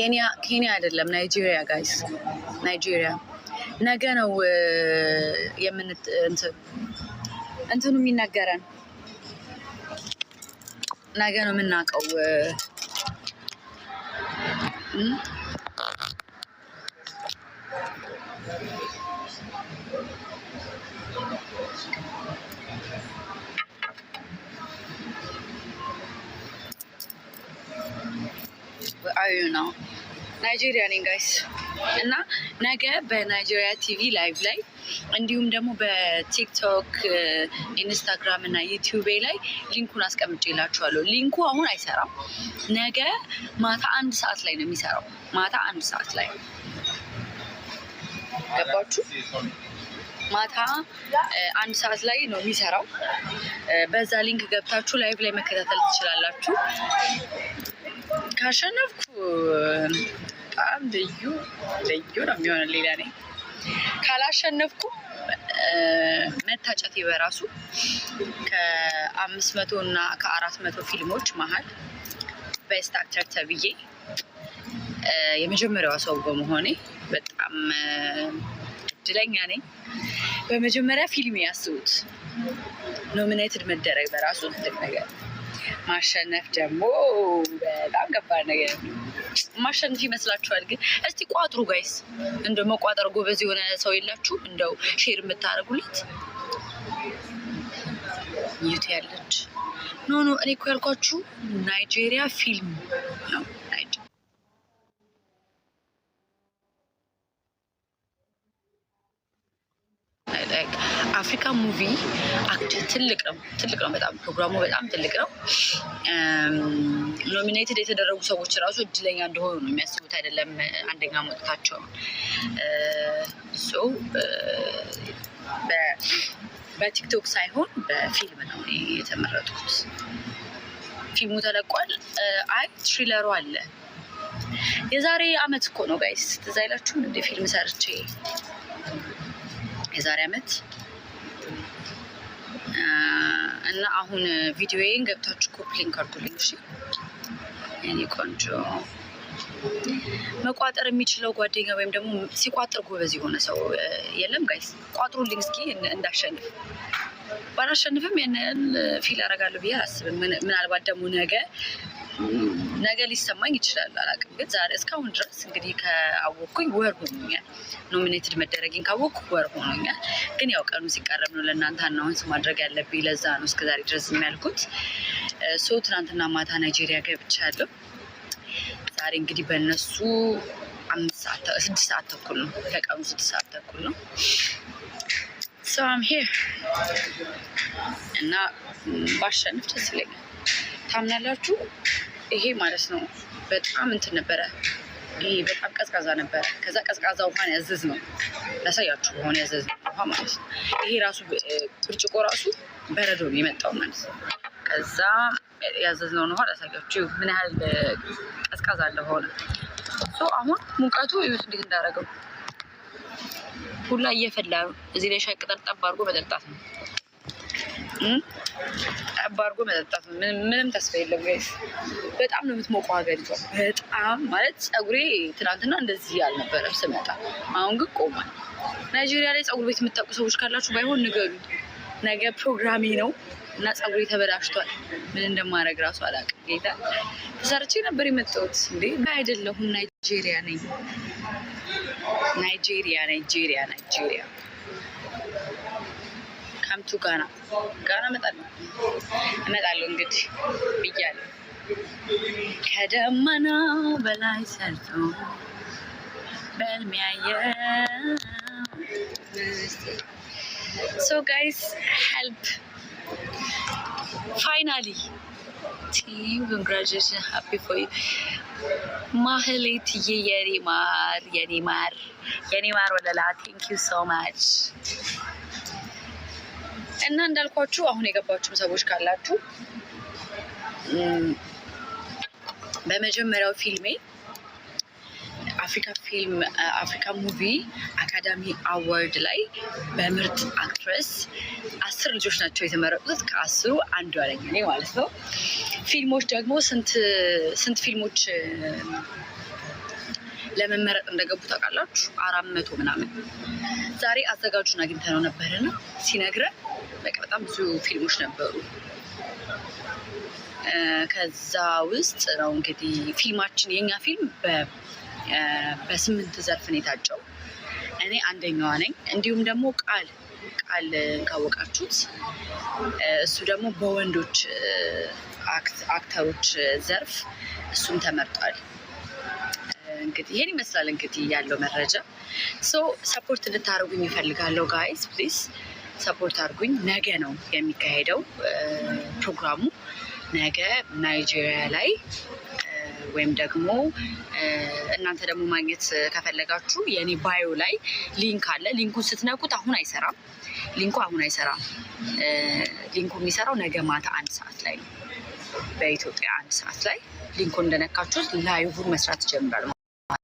ኬንያ ኬንያ አይደለም ናይጄሪያ ጋይስ፣ ናይጄሪያ ነገ ነው የምን እንትኑ የሚነገረን ነገ ነው የምናውቀው። አዩ ነው ናይጄሪያ ነኝ ጋይስ እና ነገ በናይጄሪያ ቲቪ ላይቭ ላይ እንዲሁም ደግሞ በቲክቶክ ኢንስታግራም እና ዩቲዩቤ ላይ ሊንኩን አስቀምጬላችኋለሁ። ሊንኩ አሁን አይሰራም። ነገ ማታ አንድ ሰዓት ላይ ነው የሚሰራው። ማታ አንድ ሰዓት ላይ ገባችሁ? ማታ አንድ ሰዓት ላይ ነው የሚሰራው። በዛ ሊንክ ገብታችሁ ላይቭ ላይ መከታተል ትችላላችሁ። ካሸነፍኩ በጣም ልዩ ልዩ ነው የሚሆነ ሌላ ነ ካላሸነፍኩ መታጨቴ በራሱ ከአምስት መቶ እና ከአራት መቶ ፊልሞች መሀል ቤስት አክተር ተብዬ የመጀመሪያዋ ሰው በመሆኔ በጣም እድለኛ ነኝ። በመጀመሪያ ፊልም ያስቡት ኖሚኔትድ መደረግ በራሱ ትልቅ ነገር፣ ማሸነፍ ደግሞ በጣም ገባድ ነገር ነው። ማሸነፍ ይመስላችኋል? ግን እስቲ ቋጥሩ ጋይስ፣ እንደ መቋጠር ጎበዝ የሆነ ሰው የላችሁ? እንደው ሼር የምታደርጉለት ይቱ ያለች ኖ ኖ፣ እኔ እኮ ያልኳችሁ ናይጄሪያ ፊልም ነው። አፍሪካ ሙቪ ትልቅ ነው፣ ትልቅ ነው በጣም ፕሮግራሙ በጣም ትልቅ ነው። ኖሚኔትድ የተደረጉ ሰዎች ራሱ እድለኛ እንደሆኑ ነው የሚያስቡት አይደለም አንደኛ መውጣታቸውን ነው። በቲክቶክ ሳይሆን በፊልም ነው የተመረጥኩት። ፊልሙ ተለቋል። አይ ትሪለሩ አለ። የዛሬ አመት እኮ ነው ጋይስ፣ ትዝ አይላችሁም? እንደ ፊልም ሰርቼ የዛሬ አመት እና አሁን ቪዲዮዬን ገብታችሁ ኮፕሊንግ አድርጉልኝ። እሺ የኔ ቆንጆ መቋጠር የሚችለው ጓደኛ ወይም ደግሞ ሲቋጥር ጎበዝ የሆነ ሰው የለም። ጋይስ ቋጥሩልኝ እስኪ እንዳሸንፍ። ባላሸንፍም ያን ያህል ፊል አደርጋለሁ ብዬ አላስብም። ምናልባት ደግሞ ነገ ነገ ሊሰማኝ ይችላል፣ አላውቅም። ግን ዛሬ እስካሁን ድረስ እንግዲህ ከአወቅኩኝ ወር ሆኖኛል። ኖሚኔትድ መደረግኝ ካወቅኩ ወር ሆኖኛል። ግን ያው ቀኑ ሲቃረብ ነው ለእናንተ አናውንስ ማድረግ ያለብኝ። ለዛ ነው እስከዛሬ ድረስ የሚያልኩት። ሶ ትናንትና ማታ ናይጄሪያ ገብቻለሁ። ዛሬ እንግዲህ በእነሱ ስድስት ሰዓት ተኩል ነው፣ ከቀኑ ስድስት ሰዓት ተኩል ነው። ሶ አም ሄር እና ባሸንፍ ደስ ይለኛል። ታምናላችሁ? ይሄ ማለት ነው። በጣም እንትን ነበረ። ይሄ በጣም ቀዝቃዛ ነበረ። ከዛ ቀዝቃዛ ውሃን ያዘዝ ነው ላሳያችሁ። ውሃን ያዘዝ ውሃ ማለት ነው። ይሄ ራሱ ብርጭቆ ራሱ በረዶ ነው የመጣው ማለት ነው። ከዛ ያዘዝነውን ውሃ ላሳያችሁ ምን ያህል ቀዝቃዛ ለሆነ አሁን ሙቀቱ እዩት እንዴት እንዳደረገው ሁላ እየፈላ ነው። እዚህ ላይ ሻይ ቅጠል ጠብ አድርጎ መጠጣት ነው። ጠብ አድርጎ መጠጣት ነው። ምንም ተስፋ የለም ጋይስ። በጣም ነው የምትሞቀው ሀገሪቷ። በጣም ማለት ፀጉሬ ትናንትና እንደዚህ አልነበረም ስመጣ፣ አሁን ግን ቆሟል። ናይጄሪያ ላይ ፀጉር ቤት የምታውቁ ሰዎች ካላችሁ ባይሆን ንገሩ። ነገ ፕሮግራሜ ነው እና ፀጉሬ ተበላሽቷል። ምን እንደማድረግ ራሱ አላውቅም። ጌታ ተሰርቼ ነበር የመጣሁት እንዴ! አይደለሁም ናይጄሪያ ነኝ። ናይጄሪያ ናይጄሪያ ናይጄሪያ ቱ ጋና ጋና እመጣለሁ እመጣለሁ እንግዲህ ብያለሁ። ከደመና በላይ ሰርቶ በልሚያየው ሶ ጋይስ ሄልፕ ፋይናሊ ቲም ኮንግራጁሌሽን ሀፒ ፎር ዩ ማህሌትዬ የኔ ማር የኔ ማር የኔ ማር ወለላ ቴንክ ዩ ሶ ማች እና እንዳልኳችሁ አሁን የገባችሁም ሰዎች ካላችሁ በመጀመሪያው ፊልሜ አፍሪካ ፊልም አፍሪካ ሙቪ አካዳሚ አዋርድ ላይ በምርጥ አክትረስ አስር ልጆች ናቸው የተመረጡት። ከአስሩ አንዱ ነኝ እኔ ማለት ነው። ፊልሞች ደግሞ ስንት ፊልሞች ለመመረጥ እንደገቡ ታውቃላችሁ። አራት መቶ ምናምን ዛሬ አዘጋጁን አግኝተነው ነበርና ሲነግረን በቃ በጣም ብዙ ፊልሞች ነበሩ። ከዛ ውስጥ ነው እንግዲህ ፊልማችን የኛ ፊልም በስምንት ዘርፍ ነው የታጨው። እኔ አንደኛዋ ነኝ። እንዲሁም ደግሞ ቃል ቃል ካወቃችሁት እሱ ደግሞ በወንዶች አክተሮች ዘርፍ እሱም ተመርጧል። እንግዲህ ይሄን ይመስላል እንግዲህ ያለው መረጃ። ሶ ሰፖርት ልታደርጉኝ ይፈልጋለሁ ጋይስ ፕሊስ ሰፖርት አድርጉኝ። ነገ ነው የሚካሄደው ፕሮግራሙ ነገ ናይጄሪያ ላይ ወይም ደግሞ እናንተ ደግሞ ማግኘት ከፈለጋችሁ የኔ ባዮ ላይ ሊንክ አለ። ሊንኩን ስትነቁት አሁን አይሰራም። ሊንኩ አሁን አይሰራም። ሊንኩ የሚሰራው ነገ ማታ አንድ ሰዓት ላይ ነው፣ በኢትዮጵያ አንድ ሰዓት ላይ ሊንኩን እንደነካችሁት ላይቭ መስራት ይጀምራል።